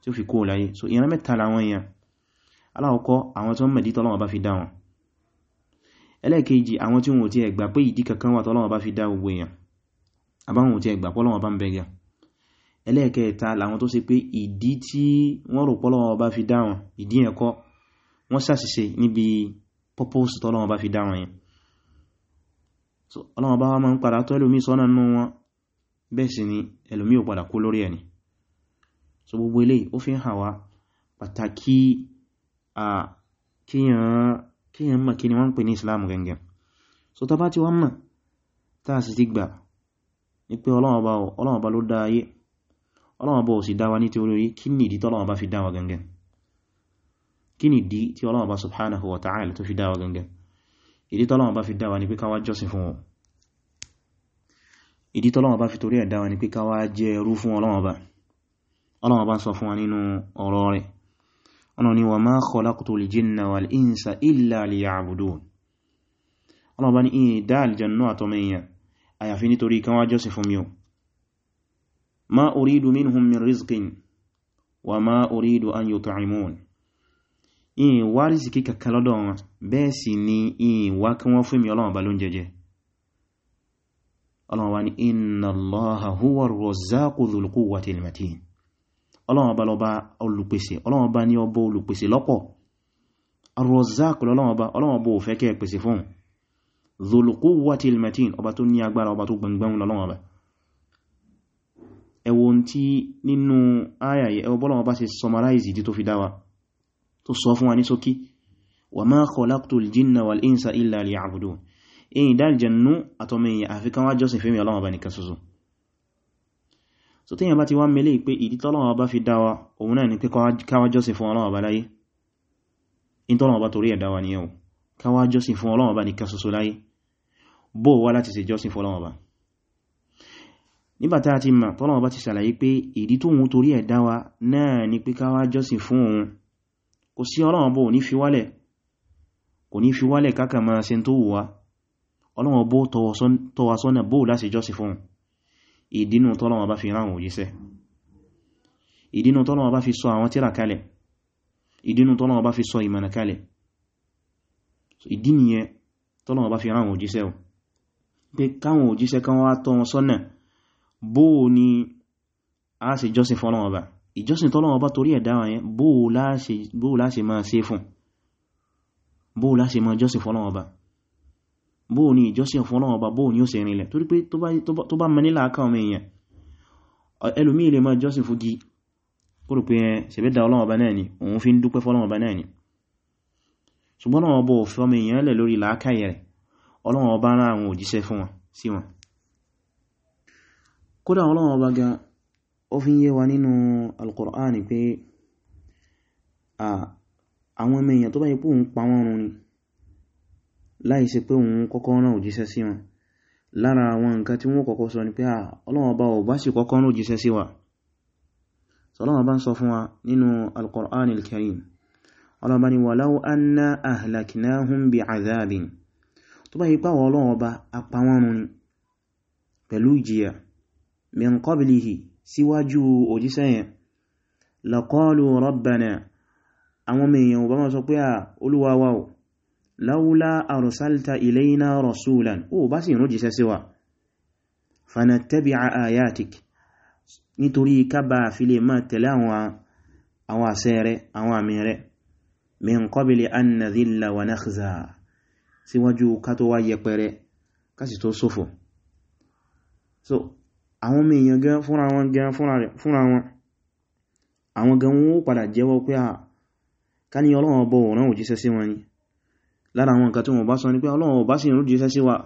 tí ó fi kó láyé so ìran mẹ́ta làwọn èèyàn aláwọ̀kọ́ àwọn tó ń mẹ̀dítọ́lọ́wọ́ bá fi dá wọn ẹlẹ́ẹ̀kejì àwọn tí wọn ò ti ẹ̀gbà pé ìdí kankan wà tọ́lọ́wọ́ bá fi dá gbogbo èèyàn àbáwọn ò ti ẹ̀gbà pọ́lọ́wọ́ bá ń bẹ gan ẹlẹ́ẹ̀kẹta làwọn tó ṣe pé ìdí tí wọ́n rò pọ́lọ́wọ́ bá fi dá wọn ìdí yẹn kọ́ wọ́n ṣàṣìṣe níbi purpose tọ́lọ́wọ́ so ọlọ́wọ́ bá wá máa ń padà kí yẹn mọ̀ kí ni wọ́n ń pè ní islam gẹngẹn so ta bá ti wọ́n mọ̀ tá a sì ti gbà ní pé Ọlọ́run bá ló dá ayé Ọlọ́run bá ò sì dá wa ní ti orí kí ni ìdí tí fi dá gẹngẹn kí ni ìdí tí Ọlọ́run subhanahu wa ta'ala tó fi dá wa gẹngẹn ìdí tí Ọlọ́run bá fi dá wa ní pé káwá jọ́sìn fún wọn ìdí tí Ọlọ́run bá fi torí ẹ̀ dá pé káwá jẹ́ ẹrú fún Ọlọ́run bá sọ fún wa nínú ọ̀rọ̀ rẹ̀ ọ̀nà ni wa ma khalaqtu al-jinna wal-insa illa liya'budun ọlọ́run bá ní ìyìn dá aljanna àtọmọ èèyàn àyàfi nítorí kan wá jọ́sìn fún mi o ma uridu minhum min rizqin wa ma uridu an yut'imun ìyìn wá rízìkí kàkà bẹ́ẹ̀ sì ni ìyìn wá kí wọ́n fún mi ọlọ́run bá jẹjẹ ọlọ́run wá inna Allaha huwa ar-razzaqu dhul ọlọ́wọ́n bá lọ́ba olùpèsè ọlọ́wọ́n bá ní ọbọ̀ olùpèsè lọ́pọ̀ arọ́záàkù lọ́wọ́n bá ọlọ́wọ́n bó fẹ́ kẹ́ pèsè fún zolùkú wàtí ilmatin ọba tó ní agbára ọba tó gbangban lọ́wọ́n bá ẹwọ́n summarize di tó fi dáwa tó sọ fún wa ní sókí wa ma khalaqtul jinna wal insa illa liya'budun èyí dáàlì jẹnu àtọmọ so téèyàn bá ti wá mele pé ìdí tọ́lọ́wọ́ bá fi dáwa òun náà ni pé káwá jọ́sìn fún Ọlọ́run bá láyé in tọ́lọ́wọ́ bá torí ẹ̀ dáwa ni ẹ̀wọ̀ káwá jọ́sìn fún Ọlọ́run bá nìkan ṣoṣo láyé bó wá láti ṣe jọ́sìn fún Ọlọ́run bá nígbàtá àti mà tọ́lọ́wọ́ bá ti ṣàlàyé pé ìdí tóun torí ẹ̀ dáwa náà ni pé káwá fún òun kò sí Ọlọ́run bó ní fi kò ní fi wálẹ̀ máa ṣe tó wù wá bó tọwà bó láti jọ́sìn fún òun ìdínú tọ́lọ́wọ́ bá fi ráwọn òjíṣẹ́ ìdínú tọ́lọ́wọ́ bá fi sọ àwọn tíra kalẹ̀ ìdínú tọ́lọ́wọ́ bá fi sọ ìmọ̀nà kalẹ̀ ìdí nìyẹn tọ́lọ́wọ́ bá fi ráwọn òjíṣẹ́ o pé káwọn òjíṣẹ́ kan wá tọ́ wọn sọ́nà bóò ni a ṣe jọ́sìn fọ́lọ́wọ́ bá ìjọ́sìn tọ́lọ́wọ́ bá torí ẹ̀dá wọn yẹn bóò láṣe máa ṣe fún bóò láṣe máa jọ́sìn fọ́lọ́wọ́ bá bóò ní ìjọsìn fún ọlọ́wọ́ bá bóò ní ó ṣe rìnlẹ̀ torí pé tó bá mẹ́ nílà akáwọn èèyàn ẹlòmí ilẹ̀ máa jọsìn fún gí kúrò pé ṣẹ̀bẹ́dà ọlọ́wọ́ bá náà ni òun fi ń dúpẹ́ fọ́lọ́wọ́ bá náà ni ṣùgbọ́n ọlọ́wọ́ bó fẹ́ ọmọ èèyàn lẹ̀ lórí làákàyè rẹ̀ ọlọ́wọ́ bá rán àwọn òjíṣẹ́ fún wọn sí wọn ọmọ èèyàn tó bá yẹ pé pa wọ́n run ni láìsí pé òun kọ́kọ́ rán òjíṣẹ́ sí wọn lára àwọn nǹkan tí wọ́n kọ́kọ́ sọ ni pé Ọlọ́run bá ọba sì kọ́kọ́ rán òjíṣẹ́ sí wa Ọlọ́run bá ń sọ fún wa nínú al-Qur'an al-Karim Ọlọ́run bá ní walau anna ahlaknahum bi'adhabin tó bá laula arsalta ilayna rasulan ó bá sì ránjíṣẹ́ sí wa fanattabi'a ayatik nítorí kába fi lè máa tẹ̀lé àwọn àṣẹ rẹ̀ àwọn àmì rẹ̀ min qabli an nadhilla wa nakhza síwájú ká tó wá yẹpẹrẹ kásì tó sófò so àwọn mèèyàn gan fúnra wọn gan fúnra wọn àwọn gan wọn ó padà jẹ́wọ́ pé a ká ní ọlọ́wọ́ bọ̀ wọ̀n òjíṣẹ́ sí ni lára àwọn nǹkan tí wọ́n bá sọ ní pé Ọlọ́run ọba sì ń jíṣẹ́ sí wa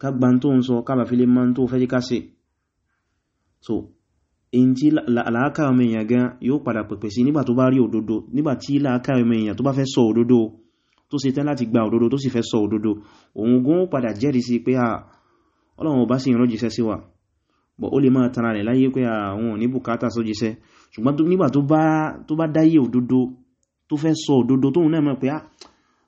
ká gba tó ń sọ kábà fi lè máa tó fẹ́ jíká sí so in tí làákà ọmọ èèyàn gan yóò padà pẹ̀pẹ̀ sí nígbà tó bá rí òdodo nígbà tí làákà ọmọ èèyàn tó bá fẹ́ sọ òdodo tó ṣe tán láti gba òdodo tó sì fẹ́ sọ òdodo òun gún ó padà jẹ́rìí sí pé Ọlọ́run ọba sì ń jíṣẹ́ sí wa bọ̀ ó lè máa tara rẹ̀ láyé pé àwọn ò ní bùkátà sójíṣẹ́ ṣùgbọ́n nígbà tó bá dáyé òdodo tó fẹ́ sọ òdodo tóun náà mọ̀ pé ah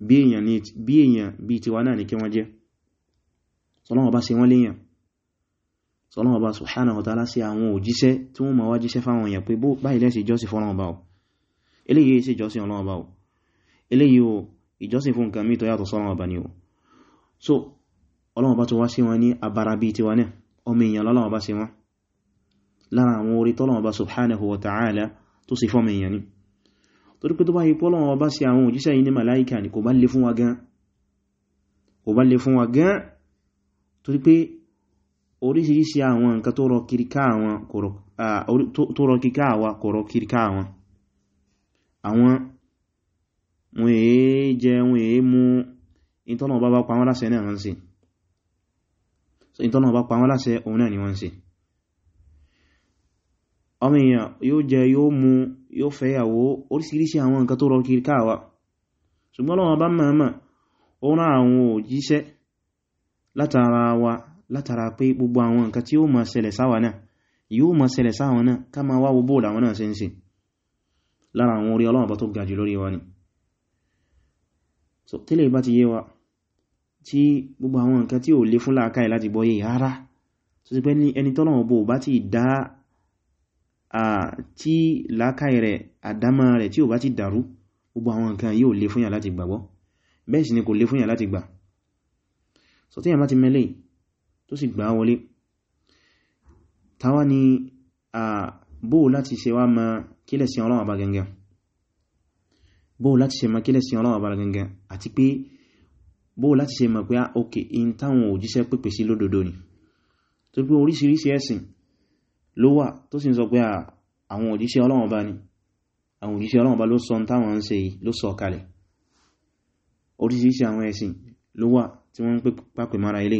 bí èyàn bí tiwa náà ní kí wọ́n jẹ́ sọ́lọ́wọ́ bá ṣe wọ́n léyàn sọ́lọ́wọ́ bá subhanahu wa ta'ala sí àwọn òjíṣẹ́ tí wọ́n ma wá jíṣẹ́ fáwọn èèyàn pé bó báyìí lẹ́sì ìjọsìn fún ọlọ́wọ́ bá o eléyìí sí ìjọsìn ọlọ́wọ́ so ọlọ́wọ́ bá tó wá sí wọn ní abara bí tiwa náà ọmọ èèyàn lọ́lọ́wọ́ bá sí wọn torí to tó bá ipò Ọlọ́run bá sí àwọn òjíṣẹ́ yìí ní màláíkà ní kò bá lè fún wa gan kò bá lè fún wa gan torí pé oríṣiríṣi àwọn nǹkan tó rọ àwọn kò rọ àwọn àwọn wọ́n èé jẹ wọ́n èé mú ìtọ́nà bá pa wọ́n náà yóò fẹ́yàwó orísìírísìí àwọn nǹkan tó rọ kiri káàwà ṣùgbọ́n Ọlọ́run bá mọ̀ọ́mọ̀ ó rán àwọn òjíṣẹ́ látara wa látara pé gbogbo àwọn nǹkan tí ó máa ṣẹlẹ̀ sáwà náà yóò máa ṣẹlẹ̀ sáwọn náà ká máa wá gbogbo àwọn náà ṣe ń ṣe lára àwọn orí Ọlọ́run bá tó ga jù lórí wa ni so tẹ́lẹ̀ bá ti yé wa tí làákàí rẹ̀ àdámá rẹ̀ tí ò bá ti dàrú gbogbo àwọn nǹkan yìí ò lè fún yàn láti gbàgbọ́ bẹ́ẹ̀ sì ni kò lè fún yàn láti gbà so tí yàn bá ti mẹ́lẹ̀ tó sì gbà wọlé táwa ni a bóò láti ṣe wá ma kílẹ̀ sí ọlọ́wà bá gẹngẹn bóò láti ṣe ma kílẹ̀ sí ọlọ́wà bá gẹngẹn àti pé bóò láti ṣe ma pé ókè ah, in táwọn òjíṣẹ́ pèpè sí ni tó pé oríṣiríṣi ẹ̀sìn ló wà tó sì ń sọ pé àwọn òjíṣẹ́ Ọlọ́run bá ní àwọn òjíṣẹ́ Ọlọ́run bá ló sọ táwọn ń ṣe ló sọ kalẹ̀ oríṣiríṣi àwọn ẹ̀sìn ló wà tí wọ́n ń pàpẹ̀ mara ilé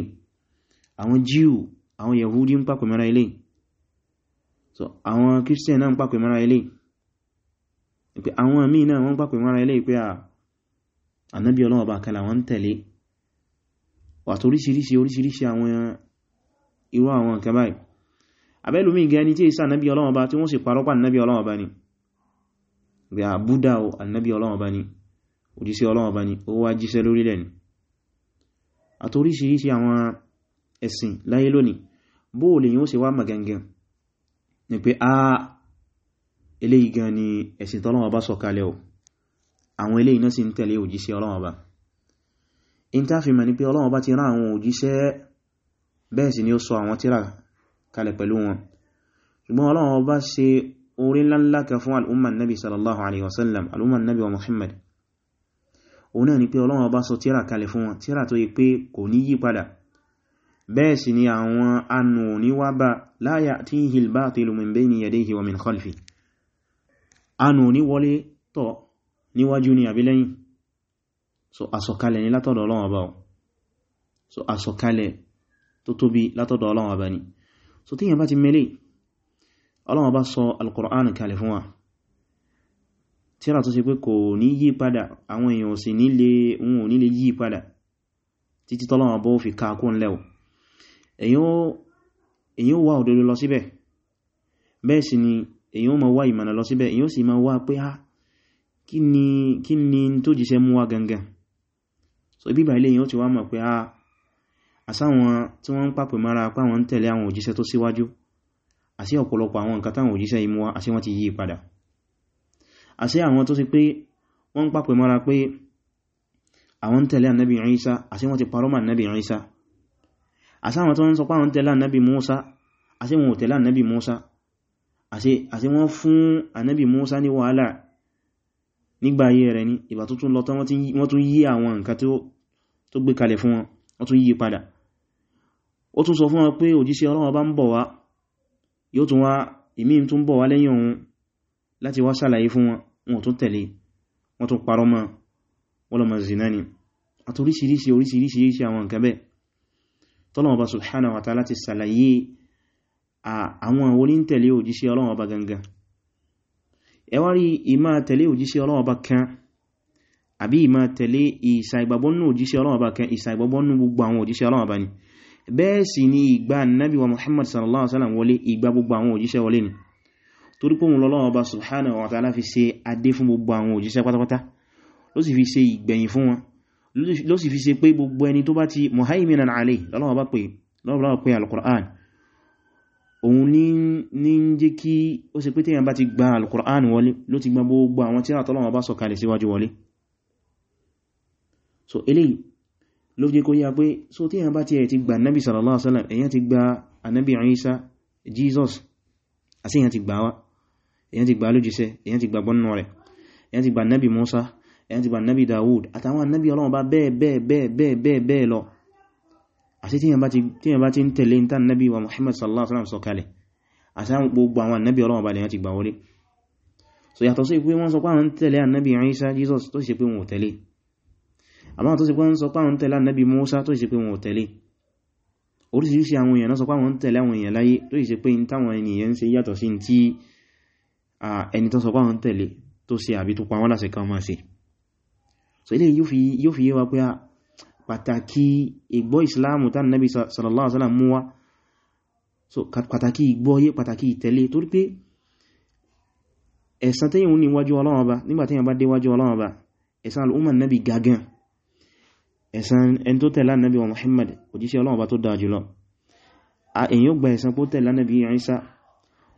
àwọn Jíù àwọn Yahudi ń pàpẹ̀ mara ilé so àwọn Christian náà ń pàpẹ̀ mara ilé pé àwọn míì náà wọ́n pàpẹ̀ mara ilé pé ànábí Ọlọ́run bá kalẹ̀ àwọn ń tẹ̀lé wàtò oríṣiríṣi oríṣiríṣi àwọn irú àwọn nǹkan báyìí abẹ́lùmí gan ni tí ìsá annabi ọlọ́wọ́ bá tí wọ́n sì parọ́pá annabi ọlọ́wọ́ bá ni bí a búdá o annabi ọlọ́wọ́ bá ni òjíṣẹ́ ọlọ́wọ́ bá ni ó wá jíṣẹ́ lórílẹ̀ ni àtoríṣiríṣi àwọn ẹ̀sìn láyé lónìí bóò yíó a eléyìí gan ni ẹ̀sìn tọ́lọ́wọ́ bá sọ̀kalẹ̀ o àwọn eléyìí náà sì ń tẹ̀lé òjíṣẹ́ ọlọ́wọ́ bá in ta fi mọ̀ kalẹ̀ pẹ̀lú wọn ṣùgbọ́n Ọlọ́run ọba ṣe orí ńláńlá kan fún al'umman nabi sallallahu alaihi wasallam al'umman nabi wa muhammad òun náà ni pé Ọlọ́run ọba sọ tíra kalẹ̀ fún wọn tíra tó yí pé kò ní yí padà bẹ́ẹ̀ sì ni àwọn anù ní wá bá la ya'tihil batilu min bayni yadayhi wa min khalfi anù ní wọlé tọ̀ níwájú ni àbí lẹ́yìn so àsọ̀kalẹ̀ ni látọ̀dọ̀ Ọlọ́run ọba ni so tí yẹn bá ti mẹ́lẹ̀ ọlọ́wọ́ bá sọ alkùránì kalẹ̀ fún wa tíra tó ṣe pé kò ní yí padà àwọn èèyàn sì nílé wọn ò nílé yí padà títí tọ́lọ́wọ́ bó fi káàkún lẹ́wọ̀ èyàn wá òdodo lọ síbẹ̀ bẹ́ẹ̀ sì ni èyàn ma wá ìmọ̀nà lọ síbẹ̀ èyàn ma wá pé ha ah, kí ni tó jíṣẹ́ mú so ti wá ha ah, àsáwọn tí wọ́n ń pàpẹ̀ mara apá wọn tẹ̀lé àwọn òjíṣẹ́ tó síwájú àsí ọ̀pọ̀lọpọ̀ àwọn nǹkan táwọn òjíṣẹ́ imú wa àsí wọ́n ti yí padà àsí àwọn tó sì pé wọ́n ń pàpẹ̀ mara pé àwọn tẹ̀lé ànábì Ìsá àsí wọ́n ti parọ́ mọ́ ànábì Ìsá àsáwọn tó ń sọ pé àwọn tẹ̀lé ànábì Mùsá àsí wọn ò tẹ̀lé ànábì Mùsá wọ́n tún yí àwọn ó tún sọ fún wọn pé òjíṣẹ́ Ọlọ́run bá ń bọ̀ wá yóò tún wá ìmí tún bọ̀ wá lẹ́yìn òun láti wá ṣàlàyé fún wọn wọn tún tẹ̀lé wọn tún parọ́ mọ́ wọ́n lọ́mọ zina ni àti oríṣiríṣi àwọn nǹkan bẹ́ẹ̀ tọ́lọ́wọ́ bá subhanahu wa ta'ala ti àwọn àwọn onítẹ̀lé òjíṣẹ́ Ọlọ́run ọba gangan ẹwà rí ìmá tẹ̀lé òjíṣẹ́ Ọlọ́run ọba kan àbí ìmá tẹ̀lé ìsà ìgbàgbọ́nú òjíṣẹ́ Ọlọ́run ọba kan ìsà ìgbàgbọ́nú gbogbo àwọn òjíṣẹ́ Ọlọ́run ọba ni bẹ́ẹ̀ sì ni ìgbà nabi wa muhammad sallallahu alaihi wasallam wọlé ìgbà gbogbo àwọn òjíṣẹ́ wọlé ni torí pé òun lọ́lọ́wọ́ bá subhanahu wa ta'ala fi ṣe adé fún gbogbo àwọn òjíṣẹ́ pátápátá ló sì fi ṣe ìgbẹ̀yìn fún wọn ló sì fi ṣe pé gbogbo ẹni tó bá ti muhaiminan alayhi lọ́lọ́wọ́ bá pè lọ́lọ́wọ́ pé al-Qur'an òun ní ń so eléyìí ló jẹ́ kó yá pé so tí èyàn bá ti ẹ̀ ti gba nabi sallallahu alaihi wasallam èyàn ti gba anabi Isa Jesus àti èyàn ti gba wa èyàn ti gba lójíṣẹ́ èyàn ti gba bọ́nà rẹ̀ èyàn ti gba nabi Musa èyàn ti gba nabi Dawud àtàwọn nabi Ọlọ́run bá bẹ́ẹ̀ bẹ́ẹ̀ bẹ́ẹ̀ bẹ́ẹ̀ bẹ́ẹ̀ bẹ́ẹ̀ lọ àti tí èyàn bá ti ń tẹ̀lé ìtàn nabi wa Muhammad sallallahu alaihi wasallam sọ kalẹ̀ àti àwọn àmá tó sì pé ń sọ pé àwọn tẹ̀lé ànábì Mùsá tó sì pé wọn ò tẹ̀lé oríṣiríṣi àwọn èèyàn náà sọ pé àwọn tẹ̀lé àwọn èèyàn láyé tó sì ṣe pé táwọn ènìyàn ń ṣe yàtọ̀ sí tí ẹni tó sọ pé àwọn tó ṣe àbí tó pa wọ́n kan máa ṣe so ilé yóò fi yé wa pé pàtàkì ìgbọ́ ìsìláàmù tán nábì sallallahu alaihi wasallam so pàtàkì ìgbọ́ yé pàtàkì ìtẹ̀lé torí pé ẹ̀san tẹ́yìn ní wájú Ọlọ́run ọba nígbàtẹ́yìn bá dé wájú Ọlọ́run ọba ẹ̀san al'umman nábì gagan ẹ̀san ẹni tó tẹ̀lá nàbí wọn Muhammad òjíṣẹ́ Ọlọ́run bá tó dáa jùlọ èyàn gba ẹ̀san pó tẹ̀lá nàbí Ìsá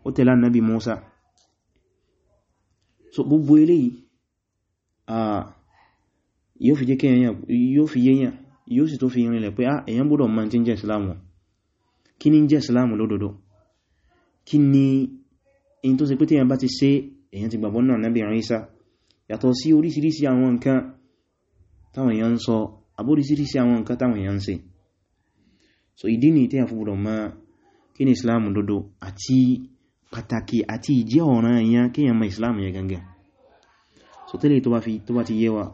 ó tẹ̀lá nàbí Mùsá so gbogbo eléyìí yóò fi jẹ́ kí èyàn yóò fi yéyàn yóò sì tó fi rinlẹ̀ pé èyàn gbọ́dọ̀ mọ̀ tí ń jẹ́ ìsìláàmù kí ni ń jẹ́ ìsìláàmù lódodo kí ni in tó ṣe pé téèyàn bá ti ṣe èyàn ti yàtọ̀ sí oríṣiríṣi àwọn nǹkan táwọn èyàn ń sọ àbórísírísí àwọn nǹkan táwọn èèyàn ń so ìdí ni ìtẹ́yàn fún gbọdọ̀ mọ̀ kí ni islam dodo àti pàtàkì àti ìjẹ́ ọ̀ràn èèyàn kí èèyàn mọ̀ islam yẹn gangan so tẹ́lẹ̀ tó bá fi tó bá ti yé wa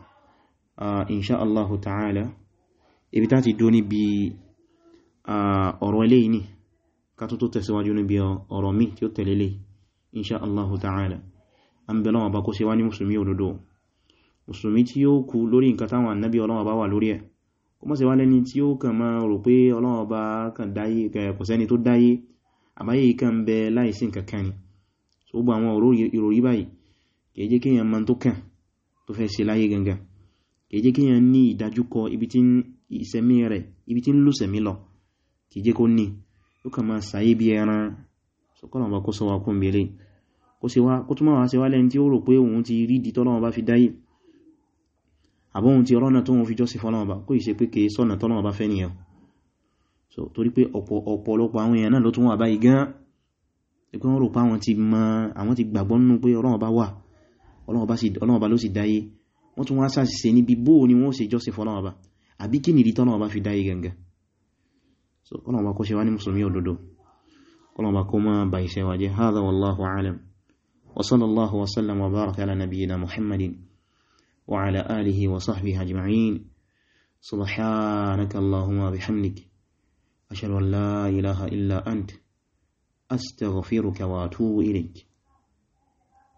insha allahu ta'ala ibi tá ti dó níbi ọ̀rọ̀ eléyìí ni ká tó tó tẹ̀síwájú níbi ọ̀rọ̀ mi tí ó tẹ̀lé lé insha allahu ta'ala an bẹ̀rẹ̀ wọn bá kó ṣe wá musulmi òdodo mùsùlùmí tí ó kú lórí nǹkan táwọn annabi ọlọ́wọ́ bá wà lórí ẹ̀ kó mọ́ sí wá lẹ́ni tí ó kàn máa rò pé ọlọ́wọ́ bá sẹ́ni tó dáyé àbáyé kan bẹ láìsí nǹkan kan ni so gbogbo àwọn ọ̀rọ̀ ìròrí báyìí kìí jẹ́ kíyàn mọ́ tó kàn tó fẹ́ ṣe láyé gangan kìí jẹ́ kíyàn ní ìdájúkọ ibi tí ìsẹ̀mí rẹ̀ ibi tí ń lò sẹ̀mí lọ kìí jẹ́ kó wa kún bèèrè kó túnmọ̀ wá sí wá tí ó rò pé òun ti rídìí tọ́lọ́wọ́ bá fi dáyé àbóhun ti rọ́nà tó ń fi jọ́sí fọ́lọ́wọ́ bá kó ìṣe pé kìí sọ́nà tọ́lọ́wọ́ bá fẹ́ nìyàn so torí pé ọ̀pọ̀lọpọ̀ àwọn èèyàn náà ló tún wà báyìí gan ẹgbẹ́ wọn rò pá àwọn ti mọ àwọn ti gbàgbọ́ nínú pé Ọlọ́run bá wà Ọlọ́run bá ló sì dáyé wọ́n tún wá ṣàṣìṣe níbi bó ni wọ́n ṣe jọ́sí fọ́lọ́wọ́ àbí kí nìdí tọ́lọ́wọ́ fi dáyé gangan so Ọlọ́run bá kó ṣe wá ní mùsùlùmí òdodo Ọlọ́run bá kó máa bá iṣẹ́ wa jẹ́ hadha wallahu alam wa sallallahu wa sallam wa baraka وعلى آله وصحبه أجمعين سبحانك اللهم بحمدك أشهد أن لا إله إلا أنت أستغفرك وأتوب إليك